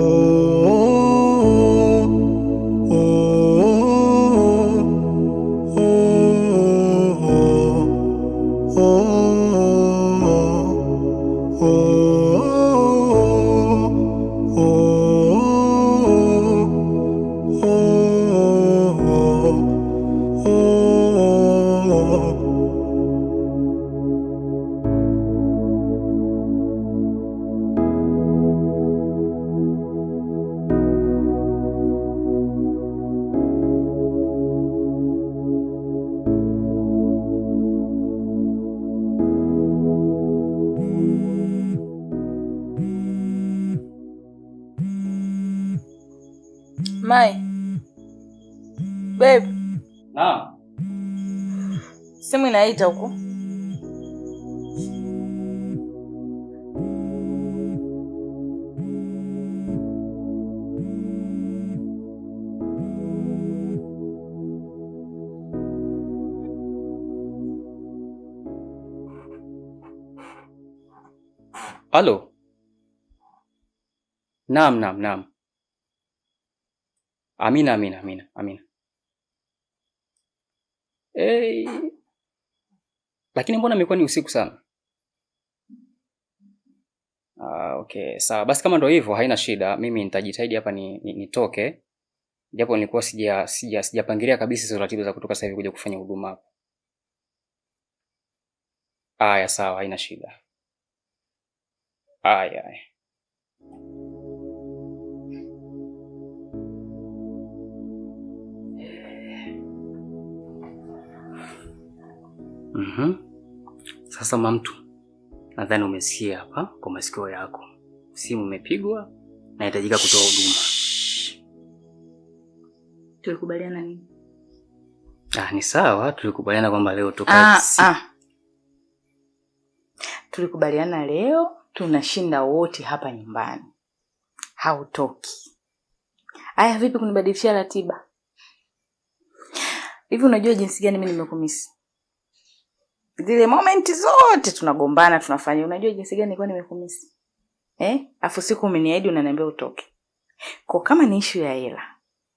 Oh. Mai babe, na simu inaita huko. Halo. Naam, naam, naam. Amina, amina, amina, amina. Hey. Lakini mbona imekuwa ni usiku sana? Ah, okay, sawa. Basi kama ndio hivyo haina shida. Mimi nitajitahidi hapa ni, ni, nitoke. Japo nilikuwa sija sija sijapangilia kabisa hizo ratiba za kutoka sasa hivi kuja kufanya huduma hapa. Aya, sawa, haina shida. Aya. mm -hmm. Sasa Mamtu, nadhani umesikia hapa kwa masikio yako, simu imepigwa, nahitajika kutoa huduma. Tulikubaliana nini? Ah, ni sawa, tulikubaliana kwamba leo toka ah, ah. Tulikubaliana leo tunashinda wote hapa nyumbani, hautoki. Aya, vipi kunibadilishia ratiba hivi? Unajua jinsi gani mimi nimekumisi zile momenti zote tunagombana, tunafanya unajua jinsi gani kwa nimekumisi eh, afu siku umeniahidi unaniambia utoke. Kwa kama ni issue ya hela,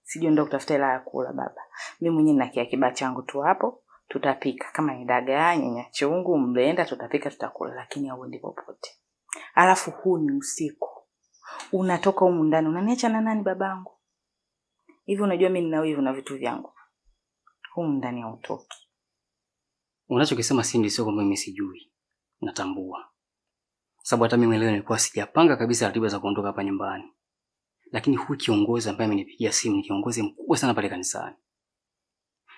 sijui ndio kutafuta hela ya kula baba, mimi mwenyewe nina kiakiba changu tu hapo, tutapika kama ni dagaa, nyanya chungu, mlenda, tutapika tutakula, lakini au ndipo popote. Alafu huu ni usiku, unatoka huko ndani unaniacha na nani babangu? Hivi unajua mimi nina wivu na vitu vyangu, huko ndani hautoki Unachokisema Cindy sio kwamba mimi sijui, natambua, sababu hata mimi leo nilikuwa sijapanga kabisa ratiba za kuondoka hapa nyumbani, lakini huyu kiongozi ambaye amenipigia simu ni kiongozi mkubwa sana pale kanisani,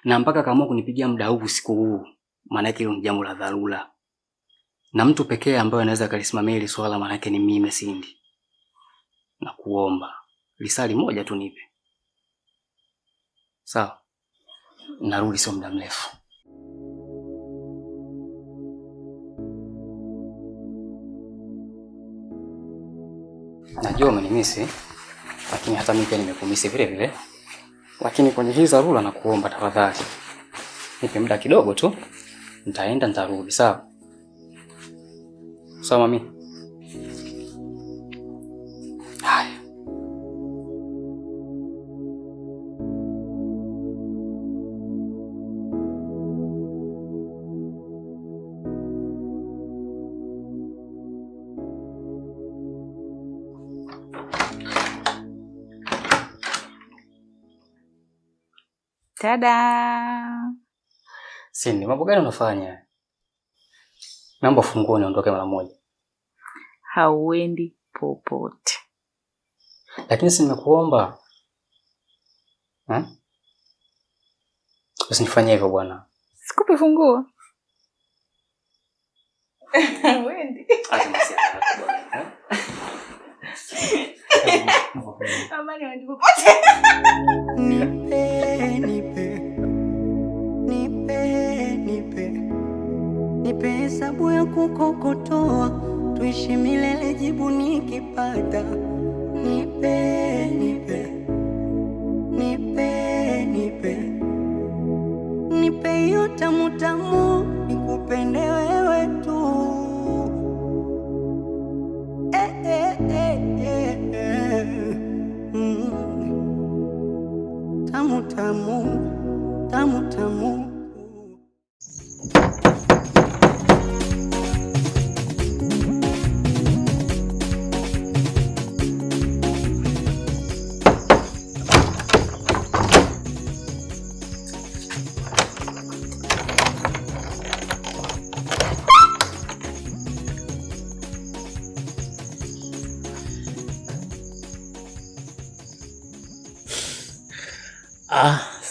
na mpaka akaamua kunipigia muda huu usiku huu, maana yake ni jambo la dharura, na mtu pekee ambaye anaweza akalisimamia hili swala maana yake ni mimi Cindy. kuomba lisali moja tu nipe, sawa? Narudi sio muda mrefu. najua umenimisi, lakini hata mimi pia nimekumisi vile vile. Lakini kwenye hii dharura nakuomba tafadhali, nipe muda kidogo tu, nitaenda nitarudi. Sawa sawa mami. Tada. Sini, mambo gani unafanya? Naomba funguo niondoke mara moja. Hauendi popote. Lakini si nimekuomba. Eh? Usinifanye hivyo bwana. Sikupi funguo. Hauendi. Amani, hauendi popote.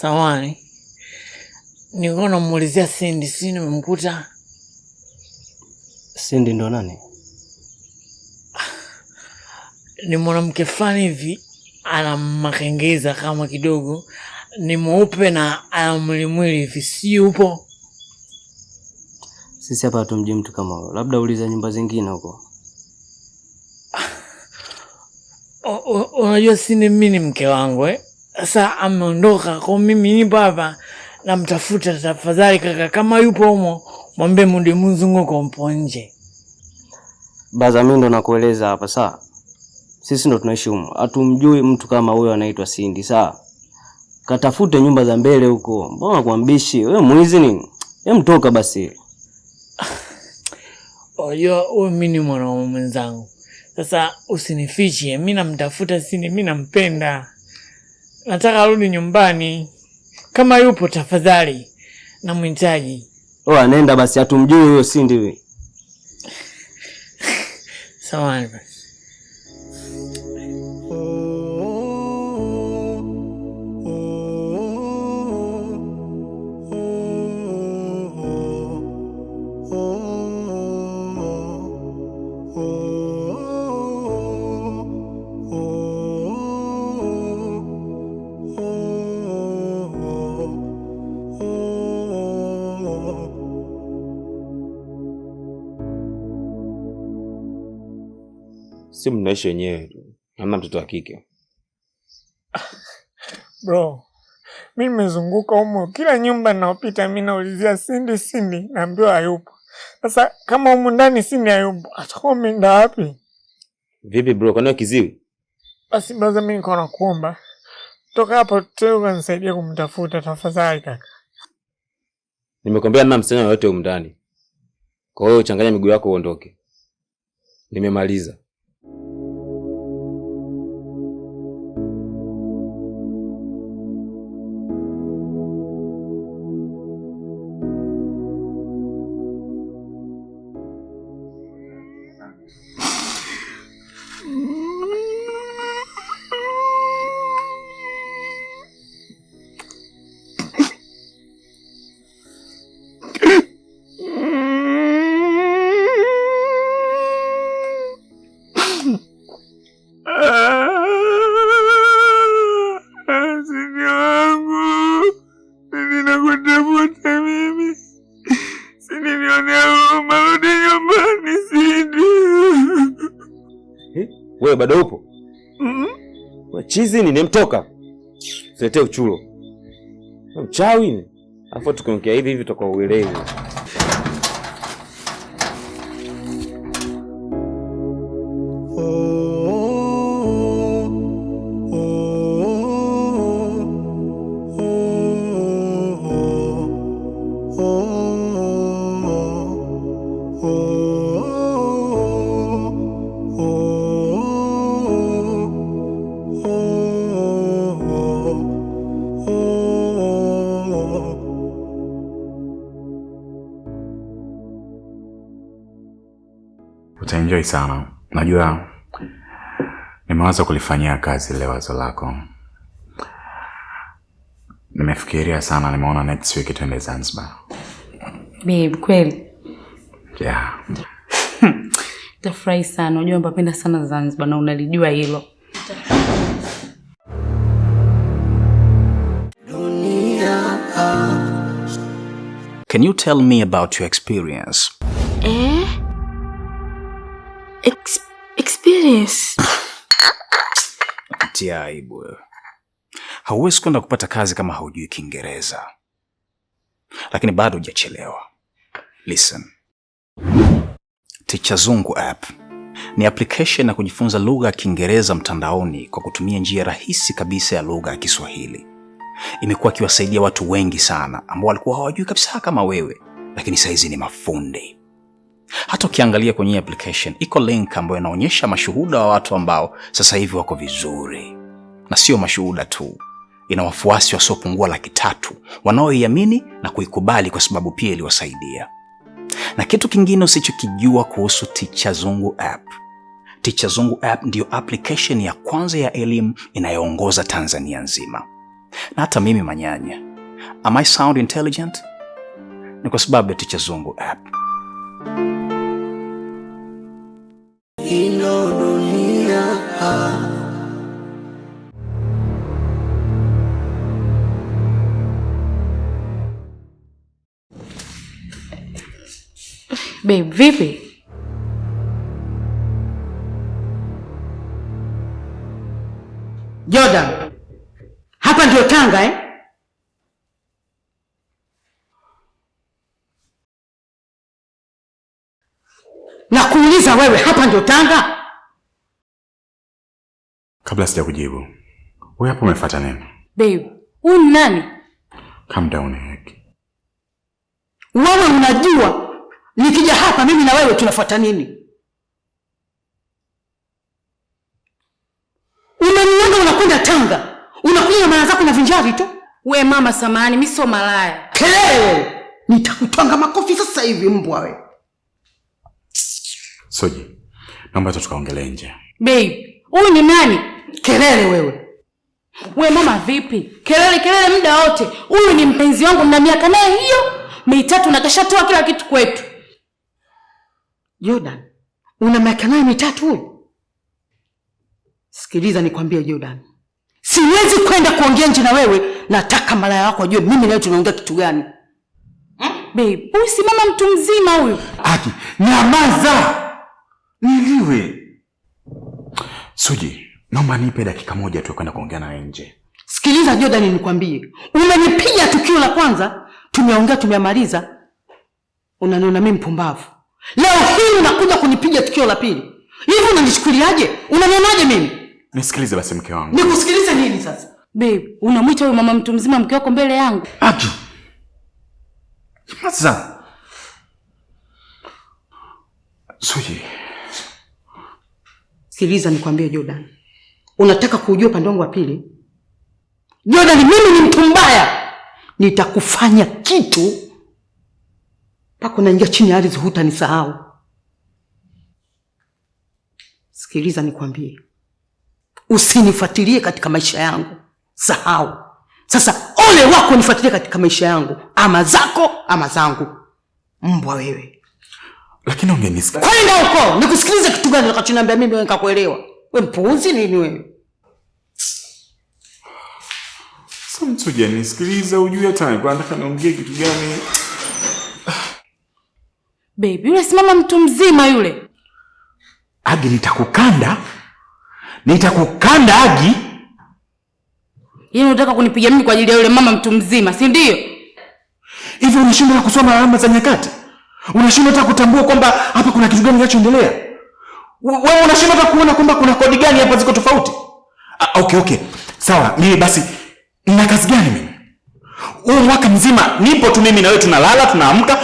samani, nilikuwa namuulizia Sindi, si nimemkuta Sindi. Ndo nani? Ni mwanamke fulani hivi, ana makengeza kama kidogo, ni mweupe na ana mwilimwili hivi, si upo? Sisi hapa hatumjui mtu kama huyo, labda uliza nyumba zingine huko. Unajua Sindi, mimi ni mke wangu eh? Saa ameondoka kwa mimi nipo hapa namtafuta. Tafadhali kaka, kama yupo humo mwambie mundi mzunguko mpo nje. Baza, mimi ndo nakueleza hapa saa, sisi ndo tunaishi humo, hatumjui mtu kama huyo anaitwa Sindi. Saa katafute nyumba za mbele huko, mbona kuambishi mbishi wewe, ni nini? Emtoka basi. Unajua wewe, mimi ni mwanaume mwenzangu, sasa usinifiche. Mimi namtafuta Sindi, mimi nampenda nataka rudi nyumbani. Kama yupo tafadhali, namhitaji. Oh, anaenda basi, hatumjui huyo, si ndio? Samahani basi. si mnaishi wenyewe tu, hamna mtoto wa kike bro. Mi nimezunguka humo, kila nyumba naopita mi naulizia Sindi, Sindi, naambiwa hayupo. Sasa kama humu ndani Sindi hayupo, atakuwa umeenda wapi? Vipi bro, kwani kiziwi? Basi baza, mi niko nakuomba toka hapo tuka ukanisaidia kumtafuta tafadhali kaka. Nimekwambia na msichana yoyote humu ndani, kwa hiyo uchanganya miguu yako uondoke. Nimemaliza. na mimi, sininionea huruma, rudi nyumbani. Sidi eh, wewe bado upo wachizi, nimtoka siletee uchulo mchawi, alafu tukiongea hivi hivi toka uelewe nimeenjoy sana. Najua nimewaza kulifanyia kazi lile wazo lako, nimefikiria sana, nimeona next week tuende Zanzibar. Babe, kweli? Yeah. Tafurahi sana, unajua napenda sana Zanzibar na unalijua hilo. Can you tell me about your experience? Eh? Ex experience. Tia aibu wewe. Hauwezi kwenda kupata kazi kama haujui Kiingereza, lakini bado hujachelewa. Listen. Ticha Zungu app ni application ya kujifunza lugha ya Kiingereza mtandaoni kwa kutumia njia rahisi kabisa ya lugha ya Kiswahili. Imekuwa ikiwasaidia watu wengi sana ambao walikuwa hawajui kabisa kama wewe, lakini saizi ni mafundi. Hata ukiangalia kwenye application iko link ambayo inaonyesha mashuhuda wa watu ambao sasa hivi wako vizuri, na sio mashuhuda tu, ina wafuasi wasiopungua laki tatu wanaoiamini na kuikubali kwa sababu pia iliwasaidia. Na kitu kingine usichokijua kuhusu Ticha Zungu app, Ticha Zungu app ndiyo application ya kwanza ya elimu inayoongoza Tanzania nzima. Na hata mimi manyanya, am I sound intelligent? Ni kwa sababu ya Ticha Zungu app. Ino dunia vipi? Jordan, hapa ndio Tanga eh? wewe hapa ndio Tanga? Kabla sija kujibu, wewe hapo umefuata neno babe. Huyu ni nani? Calm down Heki. Wewe unajua nikija hapa mimi na wewe tunafuata nini? Unaniona unakwenda Tanga, unakuja na maana zako na vinjari tu. We mama, samani, mimi sio malaya. Kelele, nitakutonga makofi sasa hivi mbwa wewe. Soji, naomba hata tukaongelee nje. Babe, huyu ni nani? Kelele wewe. We mama vipi? Kelele kelele muda wote. Huyu ni mpenzi wangu na miaka naye hiyo mitatu na kashatoa kila kitu kwetu. Jordan, una miaka naye mitatu huyu? Sikiliza nikwambie Jordan. Siwezi kwenda kuongea nje na wewe. Nataka malaya wako ajue mimi leo tunaongea kitu gani. Hmm? Babe, huyu si mama mtu mzima huyu. Aki, nyamaza niliwe. Suji, naomba nipe dakika moja tu kwenda kuongea naye nje. Sikiliza Jordan, nikwambie, umenipiga tukio la kwanza, tumeongea tumeamaliza unaniona mimi mpumbavu. Leo hii unakuja kunipiga tukio la pili, hivi unanichukuliaje? Unanionaje mimi? Nisikilize basi mke wangu. Nikusikilize nini sasa? Babe, unamwita huyo mama mtu mzima mke wako mbele yangu? Atu. Sasa. Suji, Sikiliza nikwambie Jordan, unataka kuujua upande wangu wa pili? Jordan, mimi ni mtu mbaya, nitakufanya kitu mpaka unaingia chini ya ardhi, hutanisahau. Sikiliza nikwambie, usinifuatilie katika maisha yangu, sahau. Sasa ole wako nifuatilie katika maisha yangu, ama zako ama zangu. Mbwa wewe. Lakini ungenisikia. Kwenda huko, nikusikilize kitu gani unachoniambia mimi wewe nikakuelewa? Wewe mpuuzi nini wewe? Sasa mtu sikiliza, ujue hata nilikuwa nataka niongee kitu gani. Baby, yule simama mtu mzima yule. Agi nitakukanda. Nitakukanda Agi. Yeye yaani unataka kunipiga mimi kwa ajili ya yule mama mtu mzima, si ndio? Hivi unashindwa kusoma alama za nyakati? Unashindwa hata kutambua kwamba hapa kuna kitu gani kinachoendelea. Wewe unashindwa hata kuona kwamba kuna kodi gani hapa ziko tofauti. Ah, okay okay. Sawa, mimi basi nina kazi gani mimi? Huu mwaka mzima nipo tu mimi na wewe tunalala, tunaamka.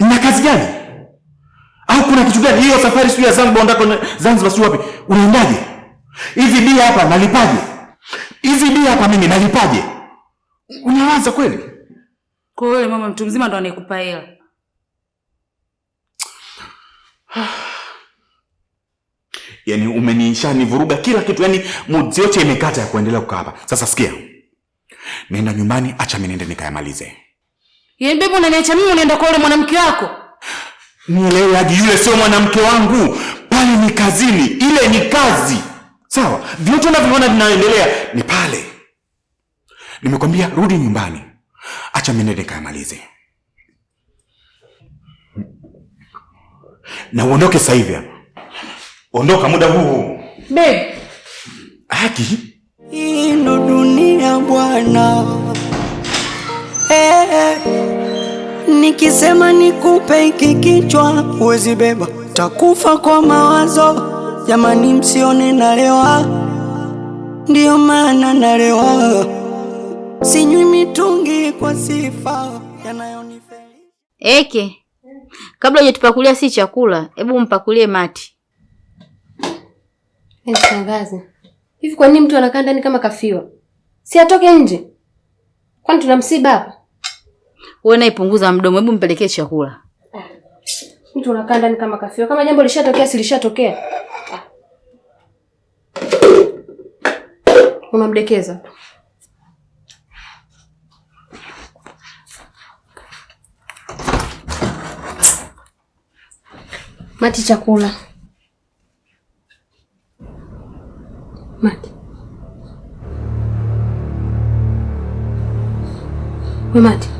Nina kazi gani? Au kuna kitu gani? Hiyo safari sio ya Zanzibar ndako Zanzibar sio wapi? Unaendaje? Hivi bia hapa nalipaje? Hivi bia hapa mimi nalipaje? Unawaza kweli? Kwa hiyo mama mtu mzima ndo anayekupa hela. yani umenisha nivuruga kila kitu, yani mood yote imekata ya kuendelea kukaa hapa. Sasa sikia, nenda nyumbani, acha mimi niende nikayamalize. Yaani bebu, unaniacha mimi, unaenda kwa yule mwanamke wako? Nielewe yule sio mwanamke wangu, pale ni kazini, ile ni kazi. Sawa, vyote unavyoona vinaendelea ni pale. Nimekwambia rudi nyumbani, acha mimi niende nikayamalize. na uondoke sasa hivi hapa. Ondoka muda huu. Babe. Haki. Hii ndo dunia bwana. Eh, eh, nikisema nikupe hiki kichwa huwezi beba, takufa kwa mawazo. Jamani, msione nalewa, ndiyo maana nalewa, sinywi mitungi kwa sifa yanayonifeli eke kabla hujatupakulia si chakula, hebu mpakulie Mati. Shangazi, hivi kwa nini mtu anakaa ndani kama kafiwa? Si atoke nje? Kwani tuna msiba hapa? Wewe naipunguza mdomo, hebu mpelekee chakula. Ah, mtu unakaa ndani kama kafiwa, kama jambo lishatokea si lishatokea. Ah. Unamdekeza. Mati, chakula. Mati. We Mati.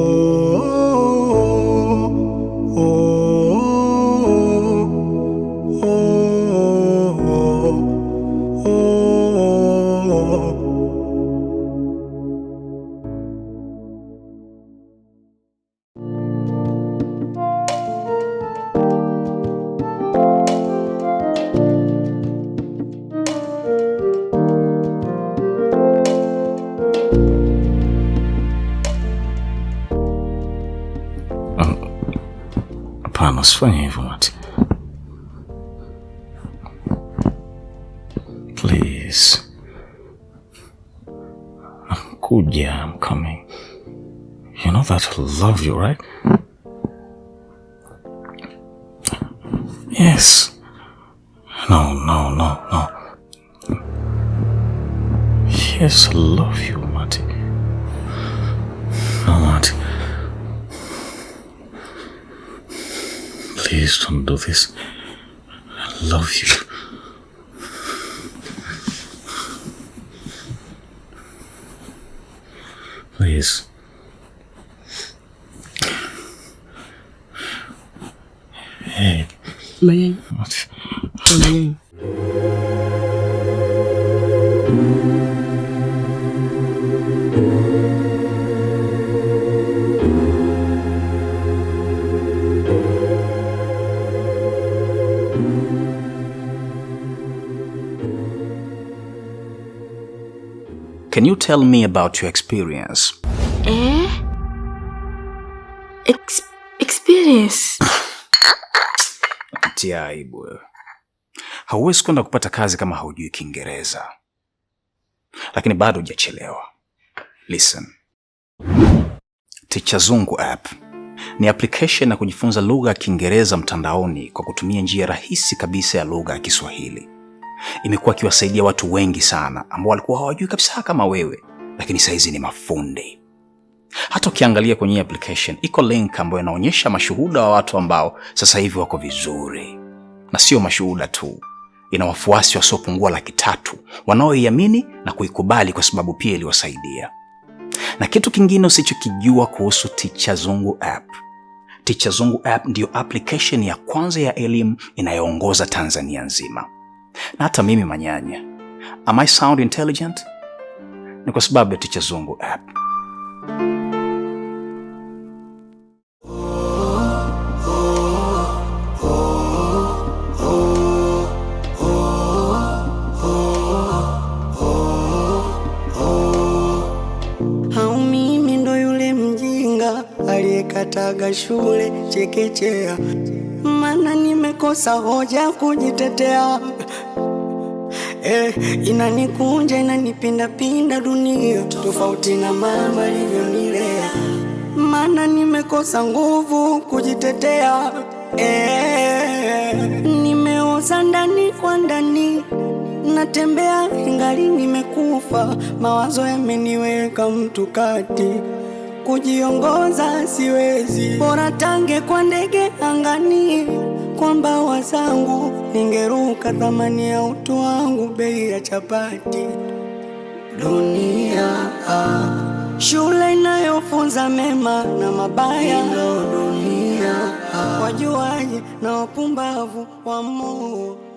Oh. I'm good, yeah, I'm coming. You know that I love you, right? Yes. No, no, no, no. Yes, I love you, Marty. No, Marty. Please don't do this. I love you. is. Hey. What? Can you tell me about your experience? เอ๊ะ Ex- experience Tia aibu wewe. Hauwezi kwenda kupata kazi kama haujui Kiingereza, lakini bado hujachelewa. Listen, Ticha Zungu app ni application ya kujifunza lugha ya Kiingereza mtandaoni kwa kutumia njia rahisi kabisa ya lugha ya Kiswahili. Imekuwa ikiwasaidia watu wengi sana ambao walikuwa hawajui kabisa kama wewe, lakini sahizi ni mafundi. Hata ukiangalia kwenye application iko link ambayo inaonyesha mashuhuda wa watu ambao sasa hivi wako vizuri, na sio mashuhuda tu, ina wafuasi wasiopungua laki tatu wanaoiamini na kuikubali kwa sababu pia iliwasaidia. Na kitu kingine usichokijua kuhusu Ticha Zungu app, Ticha Zungu app ndiyo application ya kwanza ya elimu inayoongoza Tanzania nzima. Na hata mimi manyanya, am I sound intelligent? Ni kwa sababu ya Ticha Zungu app. Aliyekataga shule chekechea, mana nimekosa hoja kujitetea eh, inanikunja inanipindapinda dunia tofauti na mama alivyonilea, maana nimekosa nguvu kujitetea eh, nimeoza ndani kwa ndani natembea ingali nimekufa, mawazo yameniweka mtu kati, kujiongoza siwezi, bora tange kwa ndege angani kwamba wazangu, ningeruka thamani ya utu wangu, bei ya chapati. Dunia ah, shule inayofunza mema na mabaya. Dunia ah, wajuaji na wapumbavu wa moo